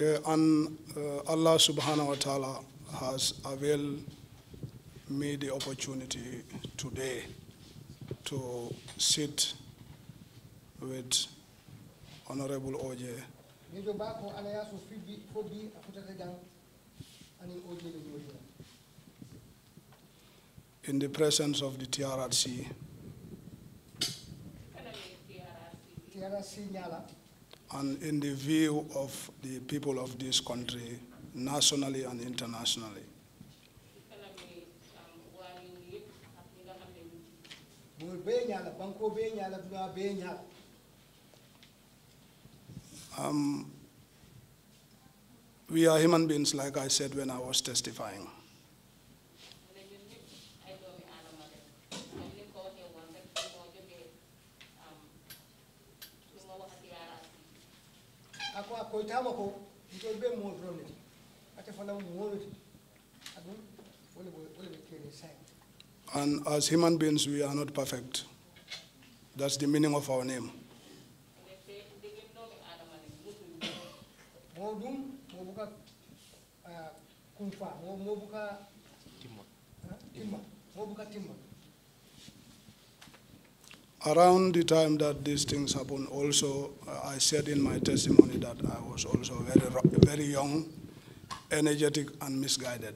Uh, and uh, Allah subhanahu wa ta'ala has availed me the opportunity today to sit with Honorable Oje. In the presence of the TRRC, TRRC and in the view of the people of this country, nationally and internationally. Um, we are human beings, like I said when I was testifying. adun and as human beings we are not perfect that's the meaning of our name modum buka buka buka around the time that these things happened, also, uh, I said in my testimony that I was also very, very young, energetic, and misguided.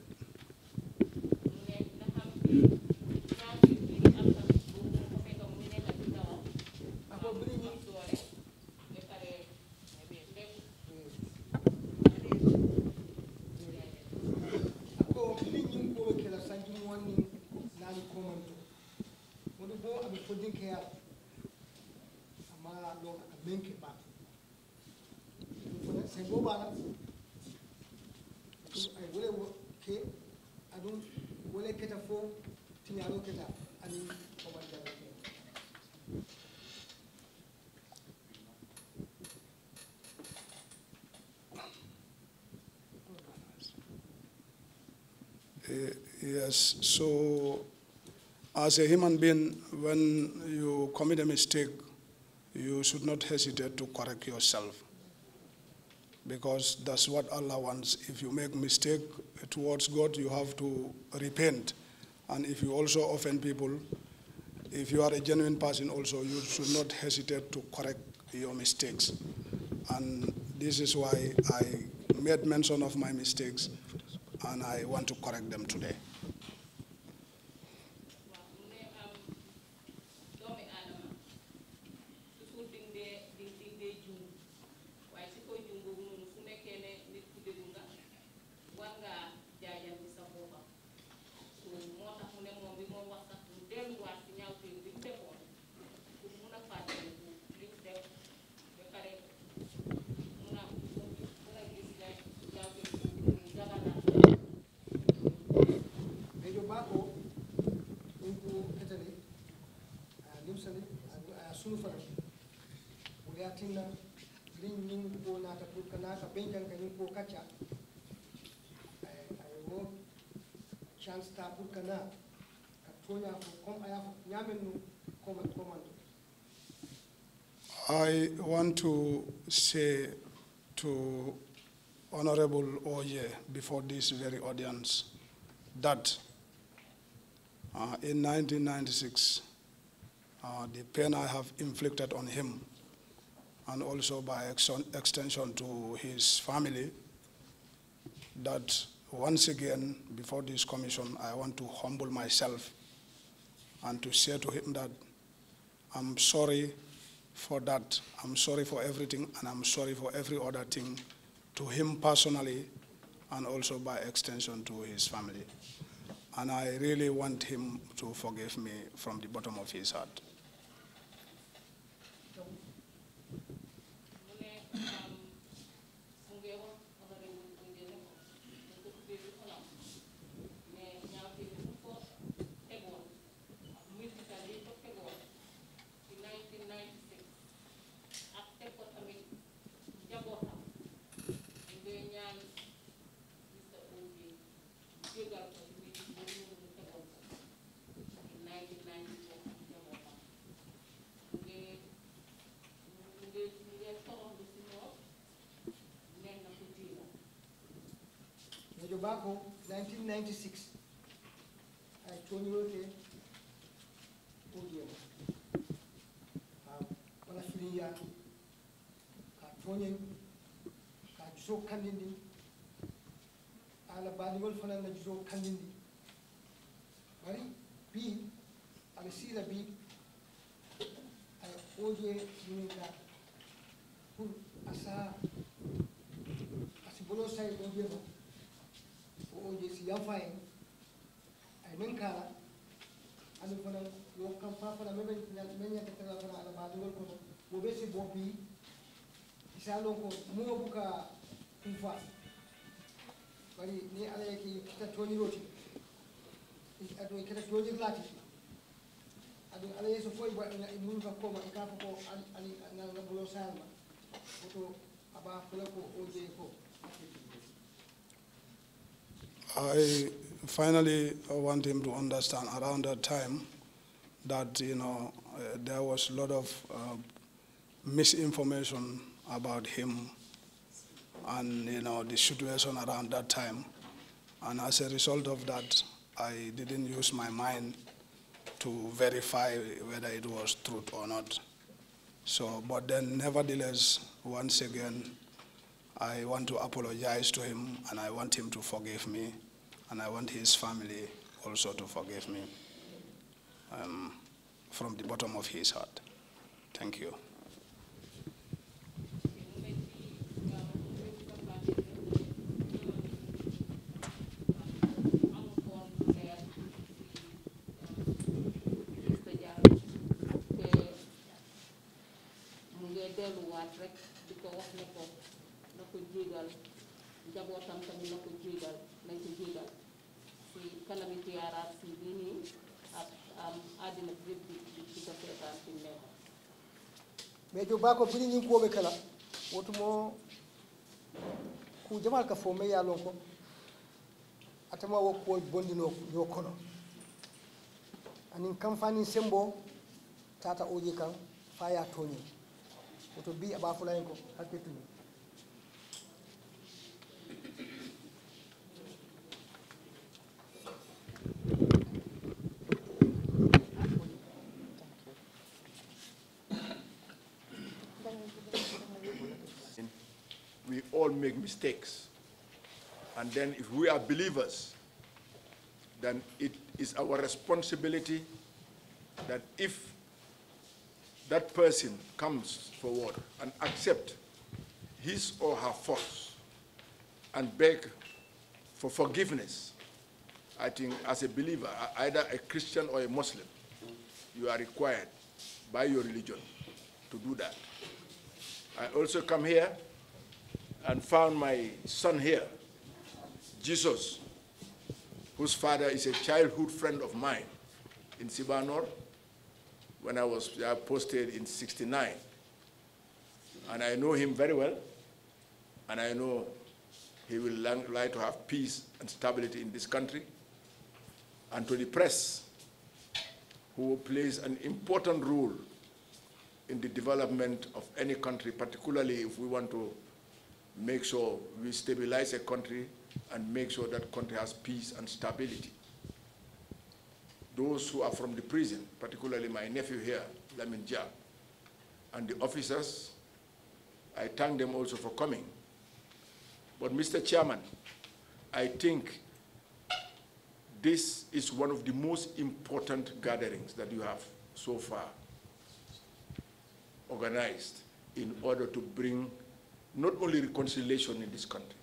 Eh, yes, so as a human being, when you commit a mistake, you should not hesitate to correct yourself because that's what Allah wants. If you make mistake towards God, you have to repent. And if you also offend people, if you are a genuine person also, you should not hesitate to correct your mistakes. And this is why I made mention of my mistakes and I want to correct them today. ko kanin ko kacha chance ko kom nyamen komando I want to say to Honorable Oye before this very audience that uh, in 1996 uh, the pain I have inflicted on him, and also by ex extension to his family, that once again, before this commission, I want to humble myself and to say to him that I'm sorry for that. I'm sorry for everything, and I'm sorry for every other thing to him personally and also by extension to his family. And I really want him to forgive me from the bottom of his heart. um, Tobago, 1996. Antonio Odio. Palafiliya, Tonyen, Juso Kandindi, ala baligol so na juso Kandindi. Bari, bi, ala sila bi, You oje oh ah, that. pur asa, asibolo sai oje mo. kan je yan fa yin ay men kala ani fana yo kan fa fana men men ya ta kala fana ala ba do ko mo be si bobi isalo ko mo buka kufa bari ni ala yake kita toni roti ado kita toni lati ado ala yeso foi ba mun ka koma ka ko ali na bulo sarma ko aba kula ko oje ko I finally want him to understand around that time that, you know, uh, there was a lot of uh, misinformation about him and, you know, the situation around that time. And as a result of that, I didn't use my mind to verify whether it was truth or not. So, but then nevertheless, once again, I want to apologize to him and I want him to forgive me and I want his family also to forgive me um, from the bottom of his heart. Thank you. ejo bako pini ñin kuwoɓe kala wotumo ku jamal ka fo mai ya lon ko atama wo kuwo bondino yo kono anin kamfanin sembo tata oje kan faya toñi woto bi aɓa fulayen ko hakke tuñi don't make mistakes. And then if we are believers, then it is our responsibility that if that person comes forward and accept his or her faults and beg for forgiveness, I think as a believer, either a Christian or a Muslim, you are required by your religion to do that. I also come here and found my son here, Jesus, whose father is a childhood friend of mine in Sibanor when I was uh, posted in 69. And I know him very well, and I know he will like to have peace and stability in this country. And to the press, who plays an important role in the development of any country, particularly if we want to make sure we stabilize a country and make sure that country has peace and stability. Those who are from the prison, particularly my nephew here, Lamin and the officers, I thank them also for coming. But Mr. Chairman, I think this is one of the most important gatherings that you have so far organized in order to bring not only reconciliation in this country,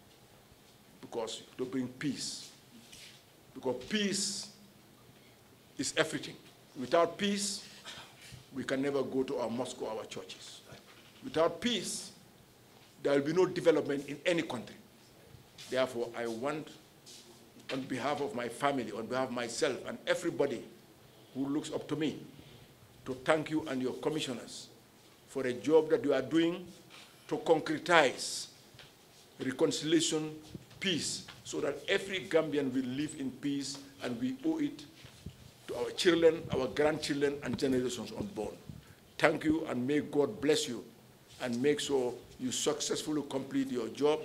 because to bring peace. Because peace is everything. Without peace, we can never go to our mosque or our churches. Without peace, there will be no development in any country. Therefore, I want, on behalf of my family, on behalf of myself and everybody who looks up to me, to thank you and your commissioners for a job that you are doing to concretize reconciliation, peace, so that every Gambian will live in peace and we owe it to our children, our grandchildren, and generations unborn. Thank you and may God bless you and make sure you successfully complete your job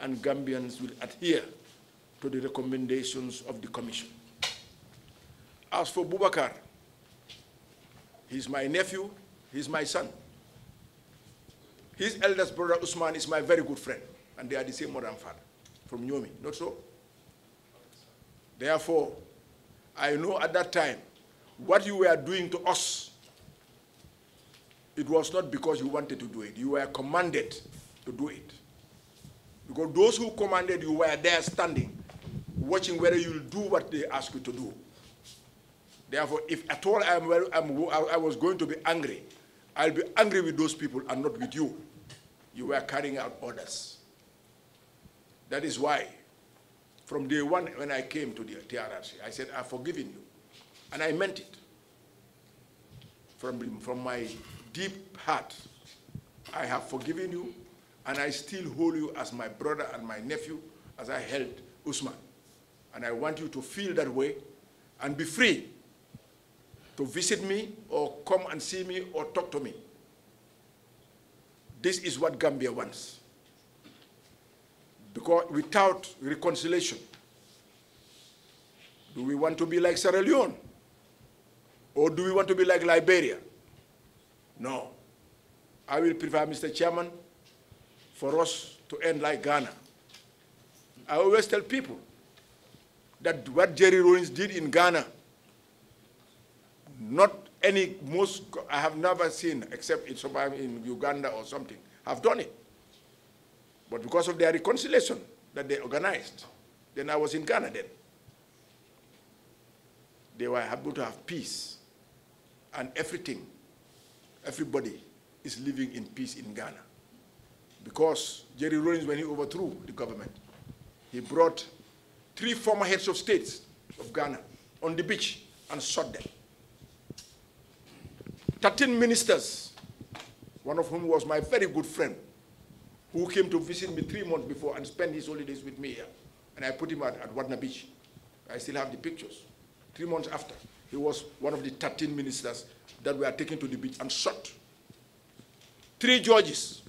and Gambians will adhere to the recommendations of the Commission. As for Bubakar, he's my nephew, he's my son. His eldest brother Usman is my very good friend, and they are the same mother and father from Nyomi, not so? Therefore, I know at that time what you were doing to us, it was not because you wanted to do it. You were commanded to do it. Because those who commanded you were there standing, watching whether you'll do what they ask you to do. Therefore, if at all I'm, I'm, I was going to be angry, I'll be angry with those people and not with you you were carrying out orders. That is why, from day one when I came to the TRRC, I said, I've forgiven you. And I meant it. From, from my deep heart, I have forgiven you, and I still hold you as my brother and my nephew, as I held Usman. And I want you to feel that way and be free to visit me or come and see me or talk to me. This is what Gambia wants. Because without reconciliation, do we want to be like Sierra Leone? Or do we want to be like Liberia? No. I will prefer, Mr. Chairman, for us to end like Ghana. I always tell people that what Jerry Rawlings did in Ghana, not any most I have never seen except it's in Uganda or something have done it. But because of their reconciliation that they organized, then I was in Ghana then. They were able to have peace and everything, everybody is living in peace in Ghana. Because Jerry Rawlings, when he overthrew the government, he brought three former heads of states of Ghana on the beach and shot them. 13 ministers, one of whom was my very good friend, who came to visit me three months before and spent his holidays with me here. And I put him at, at Wadna Beach. I still have the pictures. Three months after, he was one of the 13 ministers that were taken to the beach and shot. Three judges.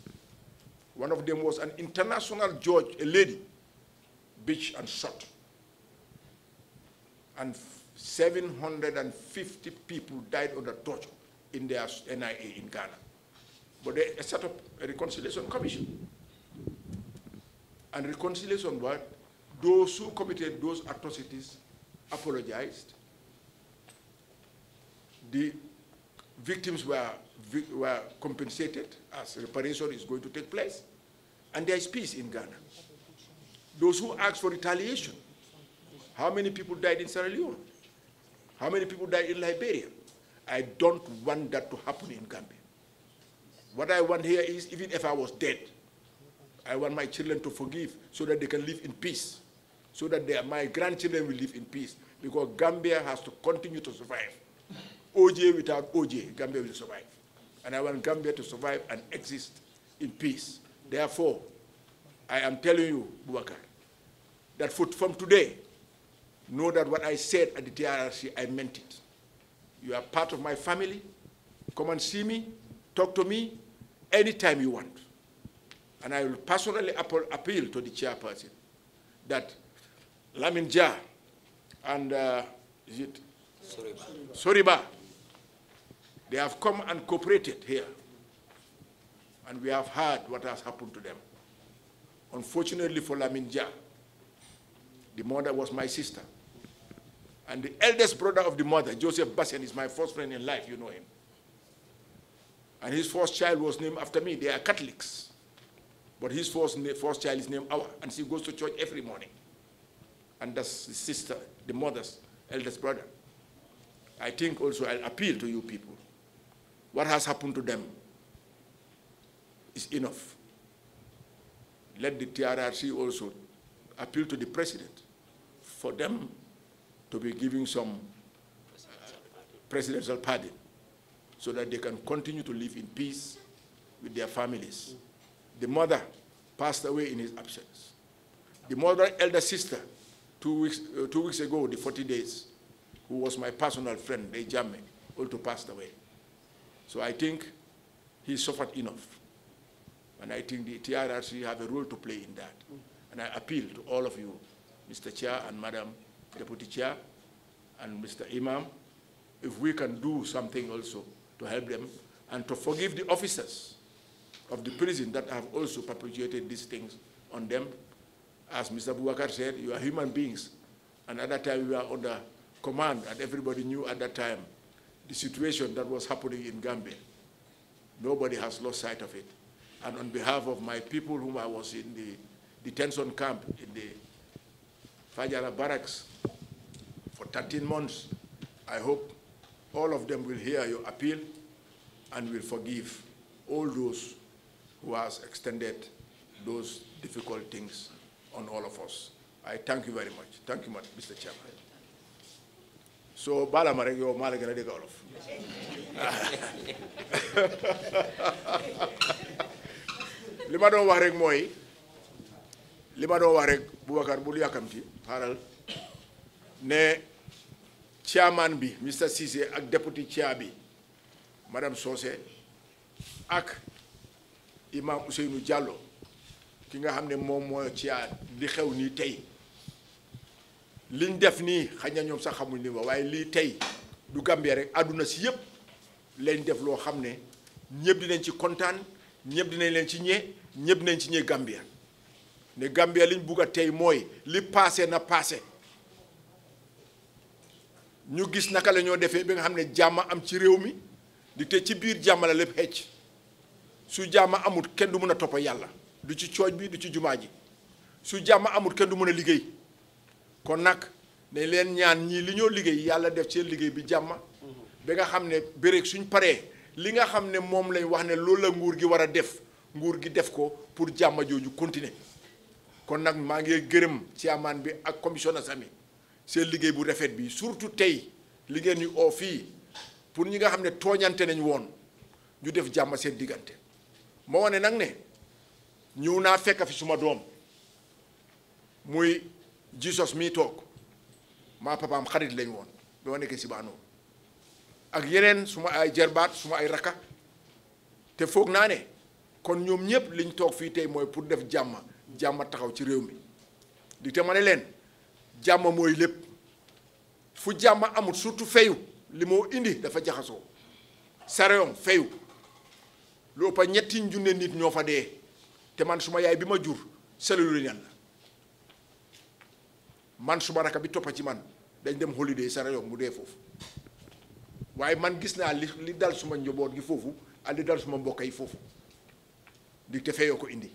One of them was an international judge, a lady, beach and shot. And 750 people died under torture in their NIA in Ghana. But they set up a reconciliation commission. And reconciliation what? Those who committed those atrocities apologized. The victims were, were compensated as reparation is going to take place. And there is peace in Ghana. Those who asked for retaliation, how many people died in Sierra Leone? How many people died in Liberia? I don't want that to happen in Gambia. What I want here is, even if I was dead, I want my children to forgive so that they can live in peace, so that they, my grandchildren will live in peace, because Gambia has to continue to survive. OJ without OJ, Gambia will survive. And I want Gambia to survive and exist in peace. Therefore, I am telling you, Bubakar, that from today, know that what I said at the TRRC, I meant it. You are part of my family. Come and see me, talk to me anytime you want. And I will personally appeal to the chairperson that Lamin and uh, is it Soriba. Soriba, they have come and cooperated here. And we have heard what has happened to them. Unfortunately for Lamin the mother was my sister. And the eldest brother of the mother, Joseph Bassen, is my first friend in life. You know him. And his first child was named after me. They are Catholics. But his first, first child is named Awa. And she goes to church every morning. And that's the sister, the mother's eldest brother. I think also I'll appeal to you people. What has happened to them is enough. Let the TRRC also appeal to the president for them to be giving some presidential pardon so that they can continue to live in peace with their families. The mother passed away in his absence. The mother, elder sister, two weeks, uh, two weeks ago, the 40 days, who was my personal friend, Dejame, also passed away. So I think he suffered enough. And I think the TRRC have a role to play in that. And I appeal to all of you, Mr. Chair and Madam, Deputy Chair and Mr. Imam, if we can do something also to help them and to forgive the officers of the prison that have also perpetuated these things on them. As Mr. Boubacar said, you are human beings. And at that time, you were under command, and everybody knew at that time the situation that was happening in Gambia. Nobody has lost sight of it. And on behalf of my people whom I was in the detention camp in the Fajara barracks for 13 months. I hope all of them will hear your appeal and will forgive all those who has extended those difficult things on all of us. I thank you very much. Thank you, Mr. Chairman. So, bala marek yo mala gana de golof. Lima don rek moy li ma doon wax rek Boubacar bul yàkkamti xaaral ne chairman bi Mr Cissé ak deputy chair bi madame soose ak imam Ousseynou jàlloo ki nga xam ne moom moo chair li xew nii tey liñ def nii xañ na ñoom sax xamuñ ni ma waaye lii tey du Gambie rek àdduna si yëpp lañ def loo xam ne ñëpp dinañ ci kontaan ñëpp dinañ leen ci ñee ñëpp nañ ci ñee Gambia ne Gambia liñ bugg a tey mooy li paase na passé ñu gis naka lañoo defee bi nga xam ne jàmm am ci réew mi di te ci biir jàmm la lépp xecc su jàmm amut kenn du mën a toppa yàlla du ci cooj bi du ci jumaa ji su jàmm amut kenn du mën a liggéey kon nag ne leen ñaan ñii li ñoo liggéey yàlla def seen liggéey bi jàmm ba nga xam ne béréb suñ paree li nga xam ne moom lañ wax ne loolu la nguur gi war a def nguur gi def ko pour jàmm jooju continuer kon nag maa ngi gërëm chairman bi ak commission sami seen liggéey bu rafet bi surtout tey li ngeen ñu oo fii pour ñi nga xam ne tooñante nañ woon ñu def jàmm seen diggante ma wane nag ne ñëw naa fekk fi suma doom muy su mii toog maa papaam lañ woon bi ma si baanoo ak yeneen suma ay jarbaat suma ay rakka te foog naa ne kon ñoom ñëpp liñ toog fii tey mooy pour def jàmm jàmm taxaw ci réew mi di te ma ne leen jàmm mooy lépp fu jàmm amut surtout feyu li moo indi dafa jaxasoo sareyoŋ feyu lu ëpp ñetti junne nit ñoo fa dee te man suma yaay bi ma jur selelu ñan la man suma raka bi toppa ci man dañ dem holiday sareyoŋ mu dee foofu waaye man gis naa li li dal suma njoboot gi foofu ak li dal suma mbokk yi foofu di te feyoo ko indi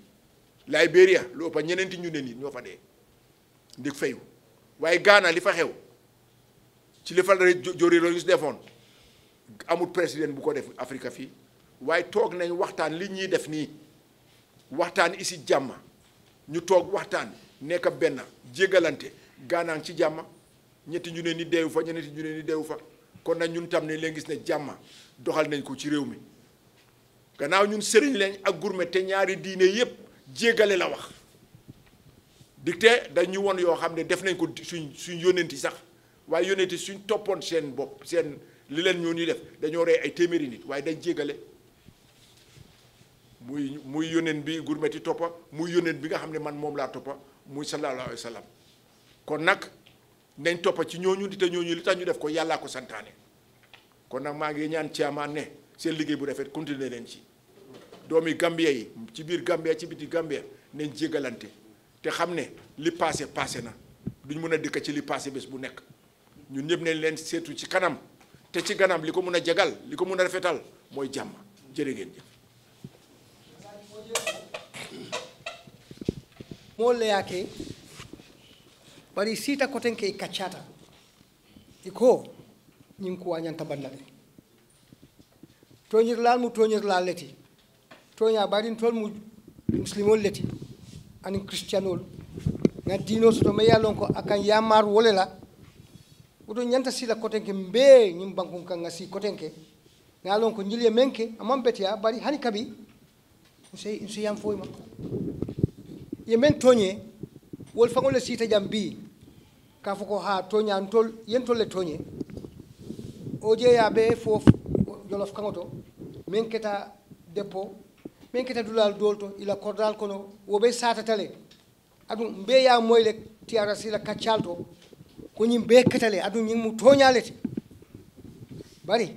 Liberia lu ëpp ñeneenti ñu ne nii ñoo fa dee ndig fayu waaye Ghana li fa xew ci li fa jóri loolu ñu defoon amul président bu ko def Afrique fii waaye toog nañ waxtaan li ñuy def nii waxtaan isi jàmm ñu toog waxtaan nekk benn jégalante Ghana ci jàmm ñetti ñu ne ni deewu fa ñeneenti ñu ne ni deewu fa kon nag ñun tam ne leen gis ne jàmm doxal nañ ko ci réew mi gannaaw ñun sëriñ leen ak gurme te ñaari diine yépp jéggale la wax digte dañu won yoo xam ne def nañ ko suñ suñ yónneenti sax waaye yónneenti suñ toppoon seen bopp seen li leen ñoo ñuy def dañoo rey ay téeméeri nit waaye dañ jéggale muy muy yónneen bi gurmeti toppa muy yónneen bi nga xam ne man moom laa toppa muy sallallahu alayhi wa kon nag nañ toppa ci ñooñu te ñooñu li tax ñu def ko yàllaa santaane kon nag maa ngi ñaan ci amaan seen liggéey bu rafet continuer leen ci doomi Gambia yi ci biir Gambia ci biti Gambia nañ jégalante te xam ne li passé passé na duñ mën a dëkk ci li passé bés bu nekk ñun ñëpp nañ leen seetu ci kanam te ci ganam li ko mën a jagal li ko mën a rafetal mooy jàmm jërë ngeen jëf moolu yake bari siita koten ke i kaccata iko ko kuwañanta banda toñir laal mu toñir laal leti tonya baɗin tol mu muslimol leti anin christianol na diino soto me lon ko akan yamar wole la oto ñanta sila kotenke mbee ñim bankun kan ga kotenke na lon ko ñilye menke amam betia bari hani kabi sey yam foima ye men tonye wol faŋol le sita jambi ka foko ha toñantol yentol le tonye o ya be fof jolof kaŋo to men keta depot min kita dulal dolto ila kordal kono wobe satatale adum be ya moyle tiara sila kacalto ko nyim be ketale adum nyim mu tonyalete bari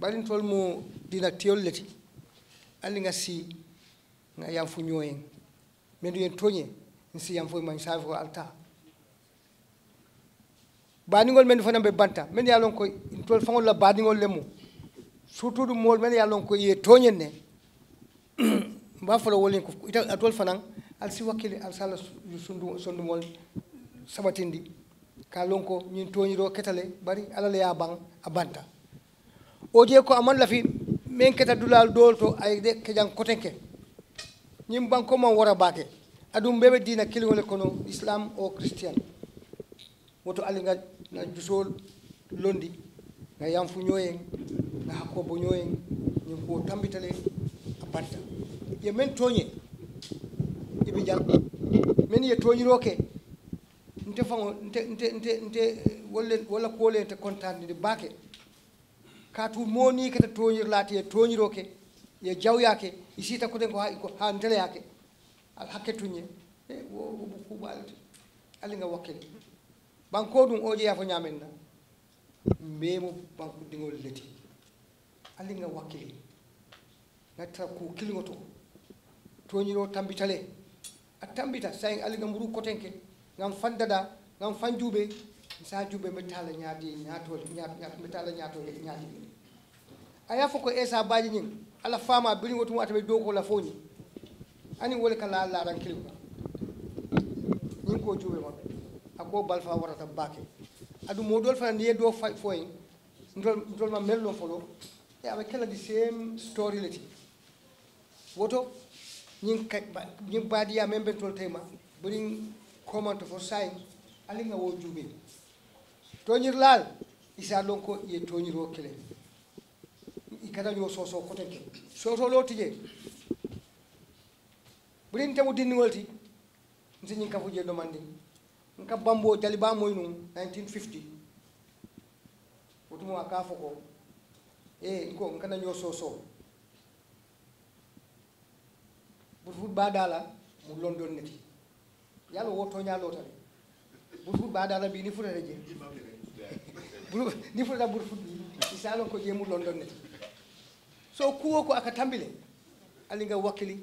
bari tol mu dina tiolleti andi nga si nga yam fu nyoyen men du yen tonye si yam fu man safi alta banigol men fana be banta men ya lon ko tol fangol la le lemu surtout du mol men ya lon ko ye tonyen ne mbafalo wolin ita a tol fanan al si wakkile al sala sundu sondumol sabatindi ka lonko ñin toñiro ketale bari alala ya ban a banta o je ko aman lafi min keta dulal dol to ay de kejan kotenke ñin banko man wara bake adum bebe dina kilingole kono islam o christian woto alli nga na jusol londi nga yanfu ñoyen nga hakko bo ñoyen ñin ko tambitale banta ye men toñe ibi jal men yo toñiroke nte fango nte nte nte nte wolle walla koole nte bake ka baake moni mooni te toñir lati ye tooñiro ke ye jawya isi ta ko den ko ko ha ndele yake al hakke tuñe e wobo kuɓaalete alinga wakkile banko dum o ya fo nyamen na mbemo banque dingol leti nga wakkile nattata ku kiliŋo to toñiro tambitale a tambita sayin aliga mburu kotenke ngam fandada ngam fanjuɓe sa metala mettala ñaadi ñaatole mettala metala ñaati a aya ko esa baji ñin ala fama biriŋo tu ataɓe dow ko la foñi wole kala la laaran kiliŋa ñin ko juɓe maɓɓe ako balfa warata baake adu moɗol fana ndiye do ndol ndol ma mel folo e aɓe kela di same story le woto ñing kay ñing badiya membe tol tema bring comment for sign alinga wo jubi toñir laal isa lon ko ye toñir o kele i kada ñoo soso ko tenke soso lo tije bring temu dinni wolti nsi ñing kafu je domandi mandi nka bambo taliba moy nu 1950 wotumo ka foko e ko ee, nkana ñoo soso butu badala mu london neti yalo woto nyalo tare butu badala bi ni fura reje ni fura da butu isalo ko je mu london neti so kuwo ko aka tambile alinga wakkili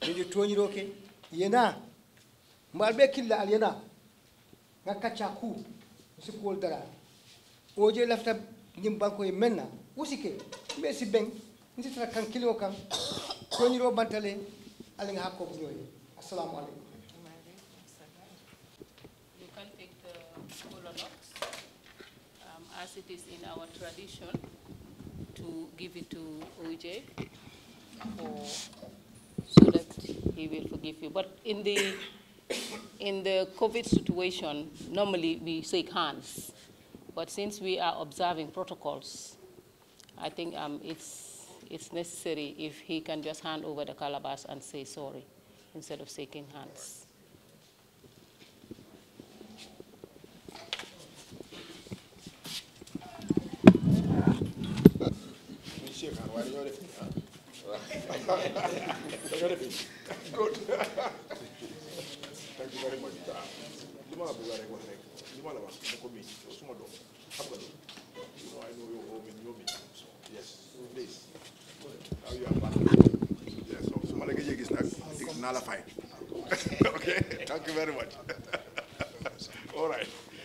nde tooñiroo ke yena mbal be killa al yena nga kacca ku sikkuwol dara oje lafta ñim bankoye e menna usike mbe si beŋ nsitata kan kilio kan tooñiroo bantale aling hakko buzoi. Assalamu alaikum. You can take the hololocks um, as it is in our tradition to give it to OJ so that he will forgive you. But in the in the COVID situation, normally we shake hands. But since we are observing protocols, I think um, it's it's necessary if he can just hand over the calabash and say sorry instead of shaking hands. Good. Thank you very much. You want to be very good. You want to You know, I know you're home in your meeting. So, yes, please ok thank you very much all right